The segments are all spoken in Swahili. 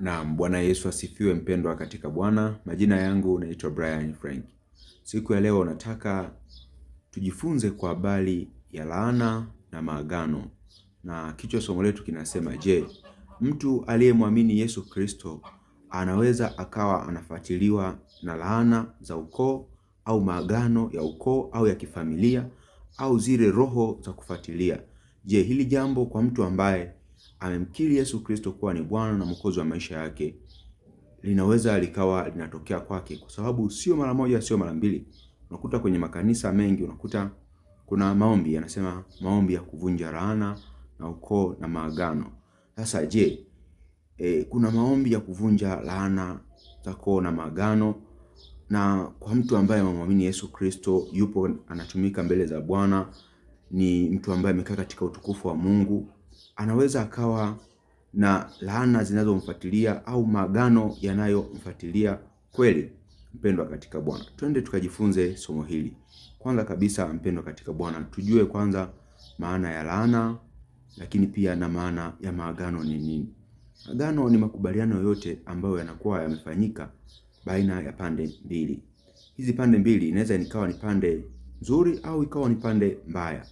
Naam, Bwana Yesu asifiwe mpendwa katika Bwana. Majina yangu naitwa Brian Frank. Siku ya leo nataka tujifunze kwa habari ya laana na maagano, na kichwa somo letu kinasema, je, mtu aliyemwamini Yesu Kristo anaweza akawa anafuatiliwa na laana za ukoo au maagano ya ukoo au ya kifamilia au zile roho za kufuatilia? Je, hili jambo kwa mtu ambaye amemkiri Yesu Kristo kuwa ni Bwana na Mwokozi wa maisha yake, linaweza likawa linatokea kwake, kwa sababu sio mara moja, sio mara mbili. Unakuta kwenye makanisa mengi, unakuta kuna maombi yanasema maombi ya kuvunja laana na ukoo na maagano. Sasa je, e, kuna maombi ya kuvunja laana za ukoo na maagano na kwa mtu ambaye amemwamini Yesu Kristo, yupo anatumika mbele za Bwana, ni mtu ambaye amekaa katika utukufu wa Mungu anaweza akawa na laana zinazomfuatilia au magano yanayomfuatilia kweli. Mpendwa katika Bwana, twende tukajifunze somo hili. Kwanza kabisa, mpendwa katika Bwana, tujue kwanza maana ya laana, lakini pia na maana ya maagano ni nini. Agano ni makubaliano yote ambayo yanakuwa yamefanyika baina ya pande mbili. Hizi pande mbili inaweza nikawa ni pande nzuri au ikawa ni pande mbaya,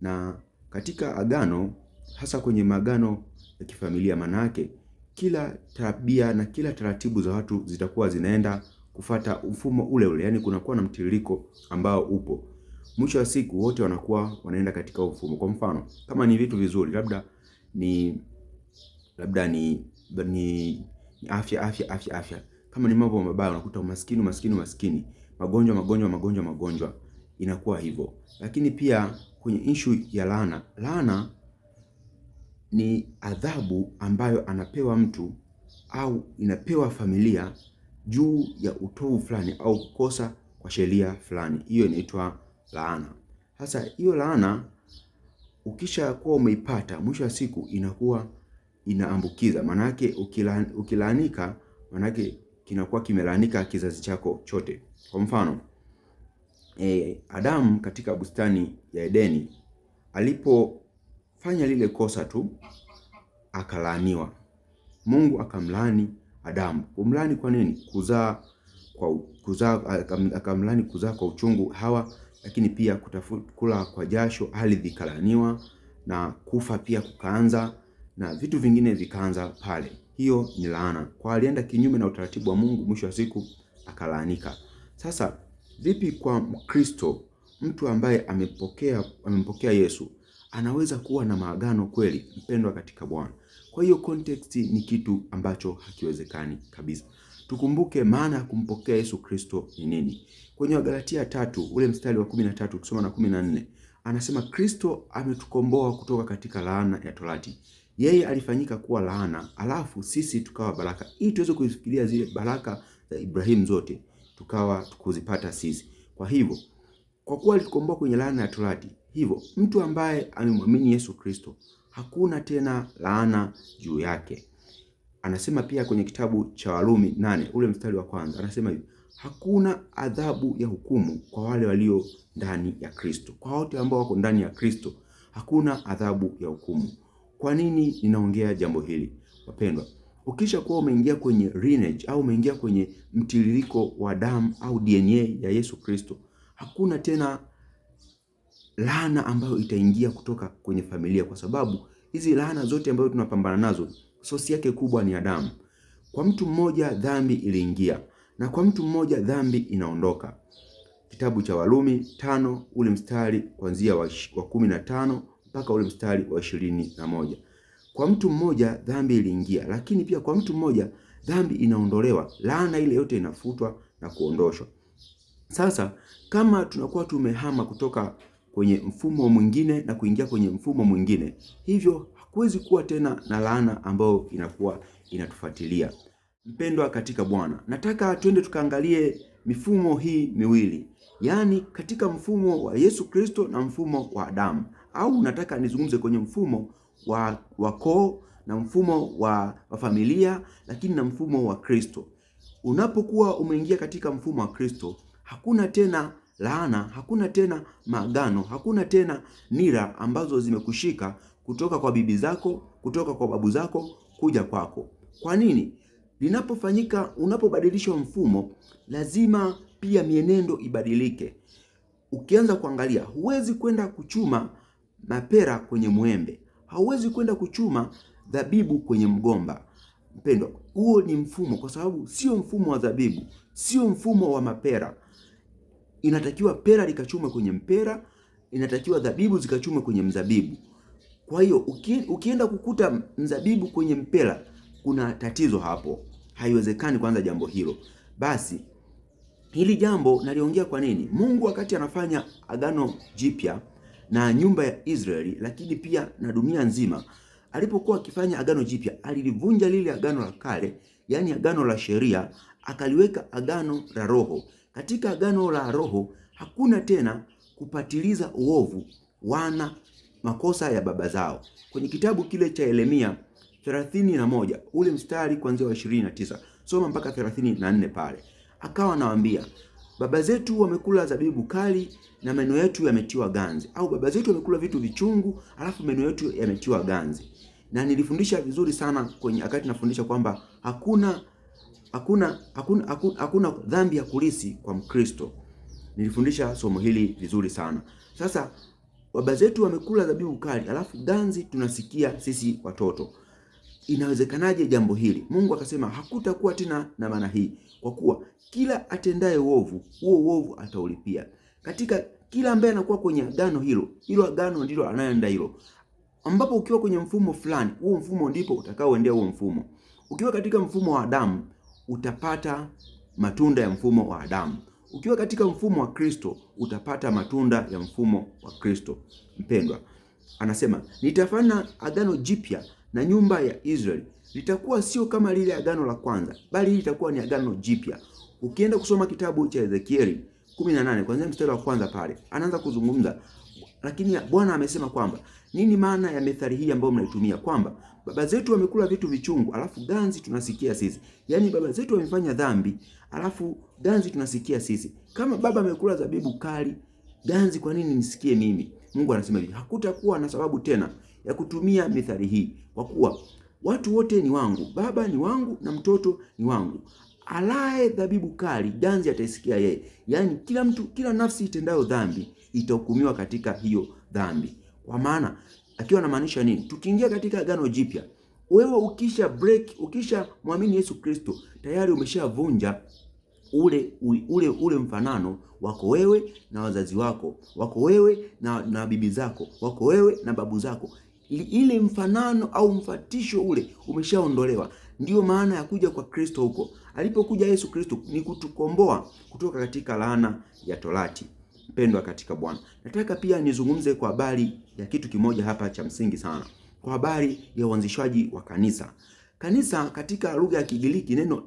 na katika agano hasa kwenye magano ya kifamilia. Manake kila tabia na kila taratibu za watu zitakuwa zinaenda kufata mfumo ule ule, yani kunakuwa na mtiririko ambao upo. Mwisho wa siku wote wanakuwa wanaenda katika mfumo. Kwa mfano kama ni vitu vizuri, labda ni labda ni ni afya afya afya afya. Kama ni mambo mabaya, unakuta umaskini umaskini umaskini, magonjwa magonjwa magonjwa magonjwa, inakuwa hivyo. Lakini pia kwenye issue ya laana, laana ni adhabu ambayo anapewa mtu au inapewa familia juu ya utovu fulani au kukosa kwa sheria fulani. Hiyo inaitwa laana. Sasa hiyo laana ukisha kuwa umeipata, mwisho wa siku inakuwa inaambukiza. Manake ukilaanika, manake kinakuwa kimelaanika kizazi chako chote. Kwa mfano e, Adamu katika bustani ya Edeni alipo fanya lile kosa tu akalaaniwa. Mungu akamlaani Adamu. Kumlaani kwa nini? Kuzaa kwa kuzaa, akamlaani kuzaa kwa uchungu Hawa, lakini pia kutafuta kula kwa jasho, ardhi kalaaniwa na kufa pia kukaanza, na vitu vingine vikaanza pale. Hiyo ni laana, kwa alienda kinyume na utaratibu wa Mungu, mwisho wa siku akalaanika. Sasa vipi kwa Mkristo, mtu ambaye amepokea amempokea Yesu anaweza kuwa na maagano kweli, mpendwa katika Bwana. Kwa hiyo context ni kitu ambacho hakiwezekani kabisa. Tukumbuke maana ya kumpokea Yesu Kristo ni nini. Kwenye Wagalatia tatu ule mstari wa 13 na tatu na kumi anasema Kristo ametukomboa kutoka katika laana ya torati, yeye alifanyika kuwa laana, alafu sisi tukawa baraka, ili tuweze kuzifikiria zile baraka za Ibrahimu zote tukawa kuzipata sisi. Kwa hivyo, kwa kuwa alitukomboa kwenye laana ya torati Hivyo mtu ambaye amemwamini Yesu Kristo hakuna tena laana juu yake. Anasema pia kwenye kitabu cha Warumi nane ule mstari wa kwanza anasema hivi, hakuna adhabu ya hukumu kwa wale walio ndani ya Kristo. Kwa wote ambao wako ndani ya Kristo hakuna adhabu ya hukumu. Kwa nini ninaongea jambo hili wapendwa? Ukisha kuwa umeingia kwenye lineage au umeingia kwenye mtiririko wa damu au DNA ya Yesu Kristo, hakuna tena laana ambayo itaingia kutoka kwenye familia, kwa sababu hizi laana zote ambazo tunapambana nazo sosi yake kubwa ni Adamu. Kwa mtu mmoja dhambi iliingia na kwa mtu mmoja dhambi inaondoka. Kitabu cha Warumi tano ule mstari kuanzia wa kumi na tano mpaka ule mstari wa ishirini na moja. Kwa mtu mmoja dhambi iliingia, lakini pia kwa mtu mmoja dhambi inaondolewa, laana ile yote inafutwa na kuondoshwa. Sasa kama tunakuwa tumehama kutoka kwenye mfumo mwingine na kuingia kwenye mfumo mwingine. Hivyo hakuwezi kuwa tena na laana ambayo inakuwa inatufuatilia. Mpendwa katika Bwana, nataka twende tukaangalie mifumo hii miwili, yaani katika mfumo wa Yesu Kristo na mfumo wa Adamu, au nataka nizungumze kwenye mfumo wa wakoo na mfumo wa, wa familia, lakini na mfumo wa Kristo. Unapokuwa umeingia katika mfumo wa Kristo, hakuna tena laana, hakuna tena maagano, hakuna tena nira ambazo zimekushika kutoka kwa bibi zako, kutoka kwa babu zako kuja kwako. Kwa nini? Linapofanyika, unapobadilishwa mfumo, lazima pia mienendo ibadilike. Ukianza kuangalia, huwezi kwenda kuchuma mapera kwenye mwembe, hauwezi kwenda kuchuma dhabibu kwenye mgomba. Mpendwa, huo ni mfumo, kwa sababu sio mfumo wa dhabibu, sio mfumo wa mapera inatakiwa pera likachuma kwenye mpera, inatakiwa dhabibu zikachuma kwenye mzabibu. Kwa hiyo ukienda kukuta mzabibu kwenye mpera, kuna tatizo hapo, haiwezekani kwanza jambo hilo. Basi hili jambo naliongea kwa nini? Mungu wakati anafanya agano jipya na nyumba ya Israeli, lakini pia na dunia nzima, alipokuwa akifanya agano jipya alilivunja lile agano la kale, yaani agano la sheria, akaliweka agano la Roho. Katika agano la roho hakuna tena kupatiliza uovu wana makosa ya baba zao. Kwenye kitabu kile cha Yeremia thelathini na moja ule mstari kuanzia wa ishirini na tisa soma mpaka thelathini na nne pale akawa anawaambia baba zetu wamekula zabibu kali na meno yetu yametiwa ganzi, au baba zetu wamekula vitu vichungu alafu meno yetu yametiwa ganzi. Na nilifundisha vizuri sana kwenye akati nafundisha kwamba hakuna hakuna hakuna hakuna dhambi ya kulisi kwa Mkristo. Nilifundisha somo hili vizuri sana. Sasa baba zetu wamekula dhabihu kali, alafu ganzi tunasikia sisi watoto. Inawezekanaje jambo hili? Mungu akasema hakutakuwa tena na maana hii, kwa kuwa kila atendaye uovu huo uovu ataulipia. Katika kila ambaye anakuwa kwenye agano hilo hilo, agano ndilo anayeenda hilo, ambapo ukiwa kwenye mfumo fulani, huo mfumo ndipo utakaoendea huo mfumo. Ukiwa katika mfumo wa Adamu utapata matunda ya mfumo wa Adamu. Ukiwa katika mfumo wa Kristo utapata matunda ya mfumo wa Kristo. Mpendwa, anasema nitafanya agano jipya na nyumba ya Israeli, litakuwa sio kama lile agano la kwanza, bali litakuwa ni agano jipya. Ukienda kusoma kitabu cha Ezekieli 18 kuanzia mstari wa kwanza pale anaanza kuzungumza, lakini Bwana amesema kwamba nini maana ya methali hii ambayo mnaitumia kwamba baba zetu wamekula vitu vichungu alafu ganzi tunasikia sisi? Yaani baba zetu wamefanya dhambi alafu ganzi tunasikia sisi. Kama baba amekula zabibu kali, ganzi kwa nini nisikie mimi? Mungu anasema hivi, hakutakuwa na sababu tena ya kutumia methali hii kwa kuwa watu wote ni wangu, baba ni wangu na mtoto ni wangu. Alae dhabibu kali ganzi ataisikia yeye. Yaani kila mtu, kila nafsi itendayo dhambi itahukumiwa katika hiyo dhambi. Kwa maana. Akiwa anamaanisha nini? Tukiingia katika Agano Jipya, wewe ukisha break, ukisha mwamini Yesu Kristo, tayari umeshavunja ule, ule, ule mfanano wako wewe na wazazi wako, wako wewe na, na bibi zako, wako wewe na babu zako. Ile mfanano au mfatisho ule umeshaondolewa. Ndiyo maana ya kuja kwa Kristo huko. Alipokuja Yesu Kristo ni kutukomboa kutoka katika laana ya Torati. Mpendwa katika Bwana, nataka pia nizungumze kwa habari ya kitu kimoja hapa cha msingi sana kwa habari ya uanzishwaji wa kanisa. Kanisa katika lugha ya Kigiriki, neno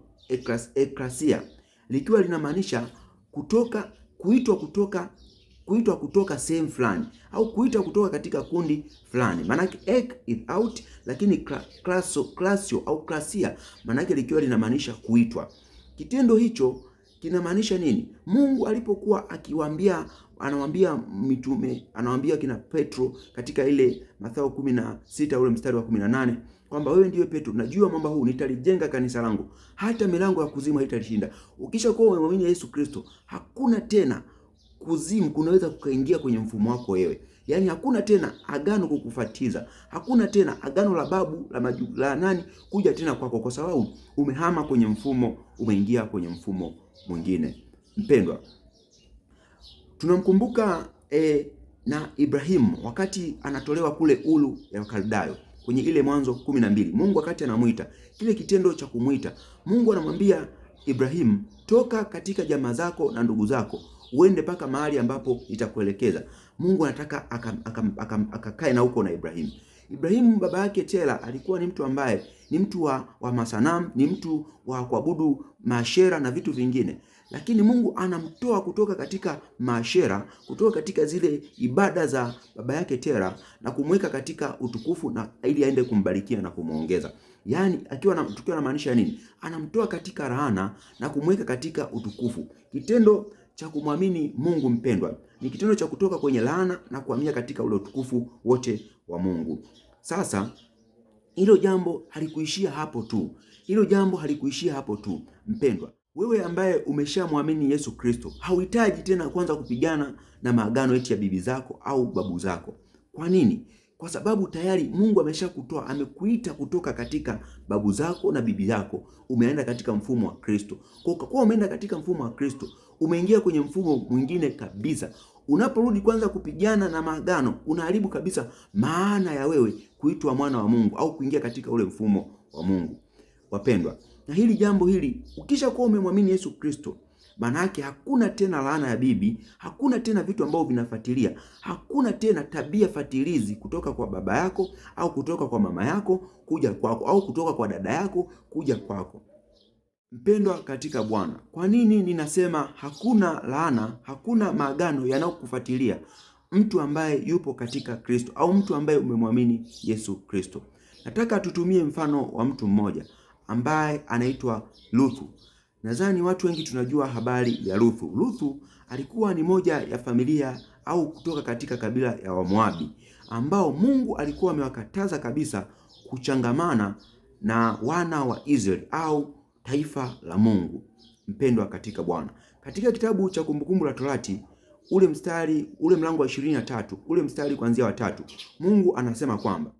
ekrasia likiwa linamaanisha kutoka, kuitwa kutoka, kuitwa kutoka sehemu fulani au kuitwa kutoka katika kundi fulani. Maanake ek is out, lakini klaso, klasio au klasia maanake likiwa linamaanisha kuitwa. Kitendo hicho kinamaanisha nini? Mungu alipokuwa akiwaambia anawaambia mitume, anawambia kina Petro katika ile Mathayo kumi na sita ule mstari wa kumi na nane kwamba wewe ndiwe Petro, najua mwamba huu nitalijenga kanisa langu, hata milango ya kuzimu haitalishinda. Ukisha Ukishakuwa umemwamini Yesu Kristo, hakuna tena kuzimu kunaweza kukaingia kwenye mfumo wako wewe. Yaani hakuna tena agano kukufatiza, hakuna tena agano la babu la maju, la nani kuja tena kwako, kwa sababu umehama kwenye mfumo, umeingia kwenye mfumo mwingine. Mpendwa, Tunamkumbuka e, na Ibrahimu wakati anatolewa kule ulu ya Wakaldayo kwenye ile Mwanzo kumi na mbili. Mungu wakati anamwita, kile kitendo cha kumwita Mungu anamwambia Ibrahimu, toka katika jamaa zako na ndugu zako uende mpaka mahali ambapo itakuelekeza Mungu anataka akakae na huko na Ibrahimu. Ibrahimu baba yake Tera alikuwa ni mtu ambaye ni mtu wa, wa masanamu, ni mtu wa kuabudu mashera na vitu vingine, lakini Mungu anamtoa kutoka katika maashera, kutoka katika zile ibada za baba yake Tera na kumweka katika utukufu na ili aende kumbarikia na kumwongeza. Yaani akiwa na tukiwa na maanisha nini? Anamtoa katika laana na kumweka katika utukufu. Kitendo cha kumwamini Mungu mpendwa ni kitendo cha kutoka kwenye laana na kuhamia katika ule utukufu wote wa Mungu. Sasa hilo jambo halikuishia hapo tu, hilo jambo halikuishia hapo tu mpendwa. Wewe ambaye umeshamwamini Yesu Kristo hauhitaji tena kwanza kupigana na maagano eti ya bibi zako au babu zako. Kwa nini? Kwa sababu tayari Mungu ameshakutoa, amekuita kutoka katika babu zako na bibi yako, umeenda katika mfumo wa Kristo. Kwa kuwa umeenda katika mfumo wa Kristo, umeingia kwenye mfumo mwingine kabisa. Unaporudi kwanza kupigana na maagano, unaharibu kabisa maana ya wewe kuitwa mwana wa Mungu au kuingia katika ule mfumo wa Mungu. Wapendwa, na hili jambo hili, ukishakuwa umemwamini Yesu Kristo, manake hakuna tena laana ya bibi, hakuna tena vitu ambavyo vinafuatilia, hakuna tena tabia fatilizi kutoka kwa baba yako au kutoka kwa mama yako kuja kwako, au kutoka kwa dada yako kuja kwako. Mpendwa katika Bwana, kwa nini ninasema hakuna laana, hakuna maagano yanayokufuatilia mtu ambaye yupo katika Kristo au mtu ambaye umemwamini Yesu Kristo? Nataka tutumie mfano wa mtu mmoja ambaye anaitwa Ruthu. Nadhani watu wengi tunajua habari ya Ruthu. Ruthu alikuwa ni moja ya familia au kutoka katika kabila ya Wamoabi ambao Mungu alikuwa amewakataza kabisa kuchangamana na wana wa Israeli au taifa la Mungu. Mpendwa katika Bwana, katika kitabu cha Kumbukumbu la Torati ule mstari ule mlango wa ishirini na tatu ule mstari kuanzia wa tatu Mungu anasema kwamba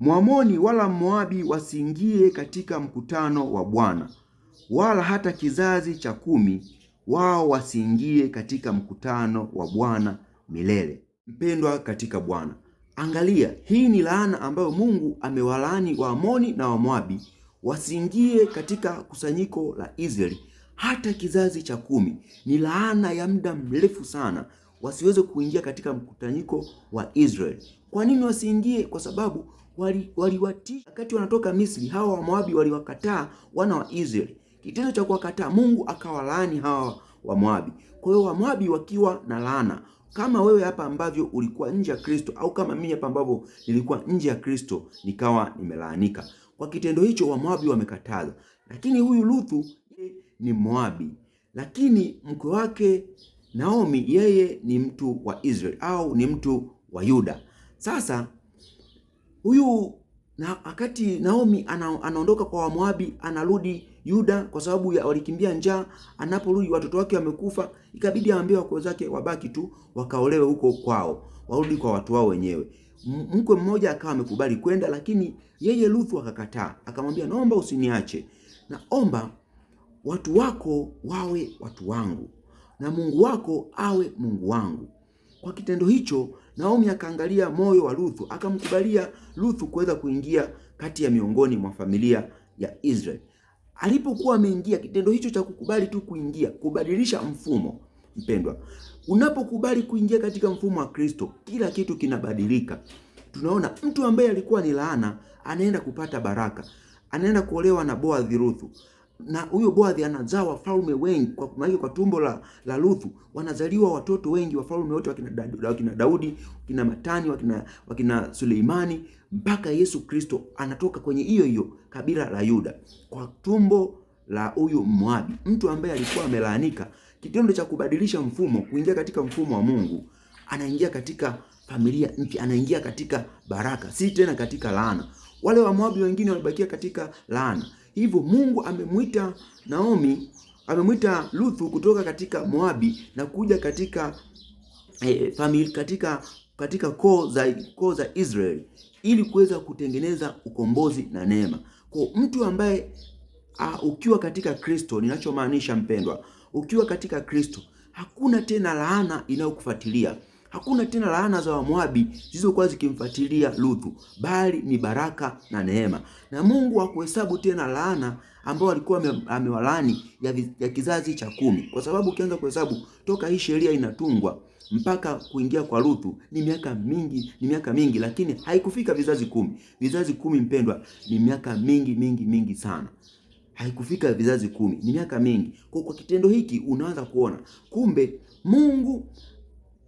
Mwamoni wala moabi wasiingie katika mkutano wa Bwana, wala hata kizazi cha kumi wao wasiingie katika mkutano wa Bwana milele. Mpendwa katika Bwana, angalia, hii ni laana ambayo Mungu amewalaani Waamoni na Wamoabi wasiingie katika kusanyiko la Israeli hata kizazi cha kumi. Ni laana ya muda mrefu sana, wasiweze kuingia katika mkusanyiko wa Israeli. Kwa nini wasiingie? Kwa sababu waliwatii wali wakati wanatoka Misri. Hawa Moabi waliwakataa wana wa Israeli, kitendo cha kuwakataa Mungu akawalaani hawa Moabi. Kwa hiyo Moabi wakiwa na laana, kama wewe hapa ambavyo ulikuwa nje ya Kristo au kama mimi hapa ambavyo nilikuwa nje ya Kristo nikawa nimelaanika kwa kitendo hicho, Moabi wamekataza. Lakini huyu Ruthu ni Moabi, lakini mke wake Naomi yeye ni mtu wa Israeli au ni mtu wa Yuda. Sasa huyu na wakati Naomi ana, anaondoka kwa Wamoabi anarudi Yuda kwa sababu ya walikimbia njaa. Anaporudi watoto wake wamekufa, ikabidi aambie wakwe zake wabaki tu wakaolewe huko kwao, warudi kwa watu wao wenyewe. Mkwe mmoja akawa amekubali kwenda, lakini yeye Ruthu akakataa, akamwambia naomba usiniache, naomba watu wako wawe watu wangu na Mungu wako awe Mungu wangu. Kwa kitendo hicho Naomi akaangalia moyo wa Ruthu, akamkubalia Ruthu kuweza kuingia kati ya miongoni mwa familia ya Israeli. Alipokuwa ameingia, kitendo hicho cha kukubali tu kuingia, kubadilisha mfumo. Mpendwa, unapokubali kuingia katika mfumo wa Kristo, kila kitu kinabadilika. Tunaona mtu ambaye alikuwa ni laana anaenda kupata baraka, anaenda kuolewa na Boaz Ruthu na huyo Boazi anazaa wafalme wengi kwa maana kwa tumbo la, la Ruthu wanazaliwa watoto wengi wafalme wote wakina, wakina Daudi wakina Matani wakina, wakina Suleimani mpaka Yesu Kristo anatoka kwenye hiyo hiyo kabila la Yuda kwa tumbo la huyu Moabi, mtu ambaye alikuwa amelaanika. Kitendo cha kubadilisha mfumo, kuingia katika mfumo wa Mungu, anaingia katika familia mpya, anaingia katika baraka, si tena katika laana. Wale wa Moabi wengine walibakia katika laana. Hivyo Mungu amemwita Naomi, amemwita Ruthu kutoka katika Moabi na kuja katika eh, famili, katika katika koo za, koo za Israeli ili kuweza kutengeneza ukombozi na neema kwa mtu ambaye a, ukiwa katika Kristo, ninachomaanisha mpendwa, ukiwa katika Kristo hakuna tena laana inayokufuatilia. Hakuna tena laana za Wamoabi zilizokuwa zikimfuatilia Ruthu, bali ni baraka na neema, na Mungu hakuhesabu tena laana ambao alikuwa amewalani ya, ya kizazi cha kumi, kwa sababu ukianza kuhesabu toka hii sheria inatungwa mpaka kuingia kwa Ruthu ni miaka mingi, ni miaka mingi, lakini haikufika vizazi kumi. Vizazi kumi, mpendwa, ni miaka mingi mingi mingi sana haikufika vizazi kumi, ni miaka mingi. Kwa kwa kitendo hiki unaanza kuona kumbe Mungu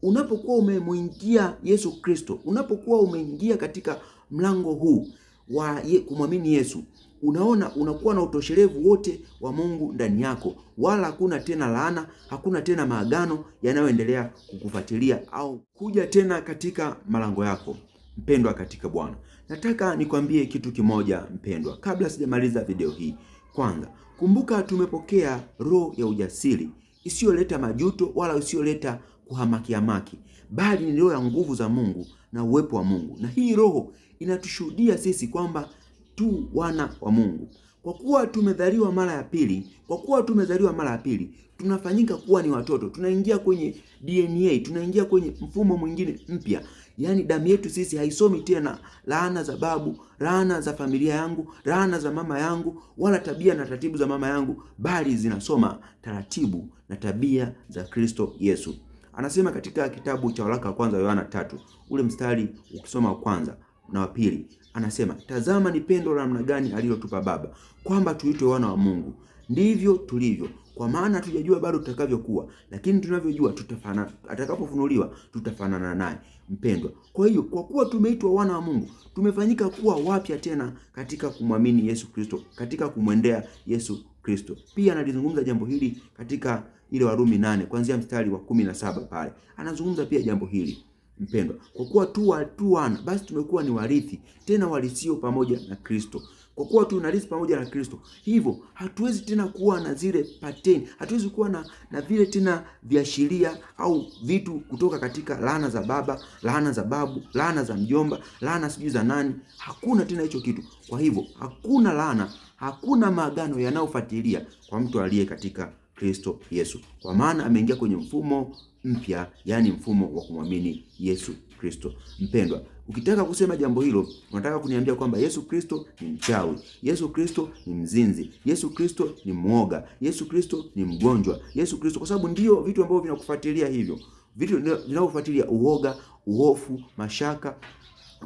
unapokuwa umemwingia Yesu Kristo, unapokuwa umeingia katika mlango huu wa ye, kumwamini Yesu, unaona unakuwa na utoshelevu wote wa Mungu ndani yako, wala hakuna tena laana, hakuna tena maagano yanayoendelea kukufuatilia au kuja tena katika malango yako. Mpendwa katika Bwana, nataka nikwambie kitu kimoja mpendwa, kabla sijamaliza video hii. Kwanza kumbuka, tumepokea roho ya ujasiri isiyoleta majuto wala isiyoleta kuhamakiamaki, bali ni roho ya nguvu za Mungu na uwepo wa Mungu. Na hii roho inatushuhudia sisi kwamba tu wana wa Mungu, kwa kuwa tumezaliwa mara ya pili. Kwa kuwa tumezaliwa mara ya pili, tunafanyika kuwa ni watoto, tunaingia kwenye DNA, tunaingia kwenye mfumo mwingine mpya. Yaani damu yetu sisi haisomi tena laana za babu, laana za familia yangu, laana za mama yangu, wala tabia na taratibu za mama yangu, bali zinasoma taratibu na tabia za Kristo Yesu. Anasema katika kitabu cha waraka wa kwanza wa Yohana tatu ule mstari ukisoma kwanza na wa pili, anasema tazama, ni pendo la namna gani alilotupa Baba kwamba tuitwe wana wa Mungu, ndivyo tulivyo. Kwa maana hatujajua bado tutakavyokuwa, lakini tunavyojua tutafana, atakapofunuliwa tutafanana naye. Mpendwa, kwa hiyo kwa kuwa tumeitwa wana wa Mungu, tumefanyika kuwa wapya tena katika kumwamini Yesu Kristo, katika kumwendea Yesu Kristo. Pia analizungumza jambo hili katika ile Warumi nane kuanzia mstari wa kumi na saba pale anazungumza pia jambo hili mpendwa, kwa kuwa tu tu wana basi tumekuwa ni warithi, tena walisio pamoja na Kristo. Kwa kuwa tu tunarithi pamoja na Kristo, hivyo hatuwezi tena kuwa na zile pateni, hatuwezi kuwa na, na vile tena viashiria au vitu kutoka katika laana za baba, laana za babu, laana za mjomba, laana sijui za nani. Hakuna tena hicho kitu. Kwa hivyo hakuna laana hakuna maagano yanayofuatilia kwa mtu aliye katika Kristo Yesu, kwa maana ameingia kwenye mfumo mpya, yaani mfumo wa kumwamini Yesu Kristo. Mpendwa, ukitaka kusema jambo hilo, unataka kuniambia kwamba Yesu Kristo ni mchawi, Yesu Kristo ni mzinzi, Yesu Kristo ni mwoga, Yesu Kristo ni mgonjwa, Yesu Kristo, kwa sababu ndio vitu ambavyo vinakufuatilia hivyo, vitu vinavyofuatilia uoga, uhofu, mashaka,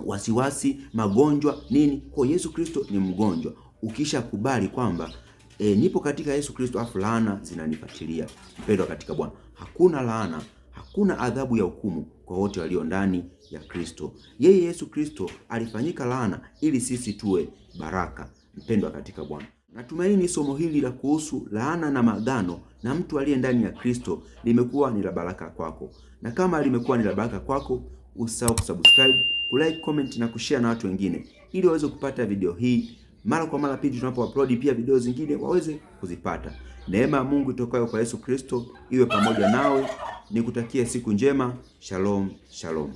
wasiwasi, magonjwa, nini. Kwa Yesu Kristo ni mgonjwa ukisha kubali kwamba e, nipo katika Yesu Kristo afu laana zinanifuatilia. Mpendwa katika Bwana, hakuna laana, hakuna adhabu ya hukumu kwa wote walio ndani ya Kristo. Yeye Yesu Kristo alifanyika laana ili sisi tuwe baraka. Mpendwa katika Bwana, natumaini somo hili la kuhusu laana na maagano na mtu aliye ndani ya Kristo limekuwa ni la baraka kwako, na kama limekuwa ni la baraka kwako, usisahau kusubscribe, kulike, comment na kushare na watu wengine ili waweze kupata video hii mara kwa mara pindi tunapo upload pia video zingine waweze kuzipata. Neema ya Mungu itokayo kwa Yesu Kristo iwe pamoja nawe. Nikutakie siku njema. Shalom, shalom.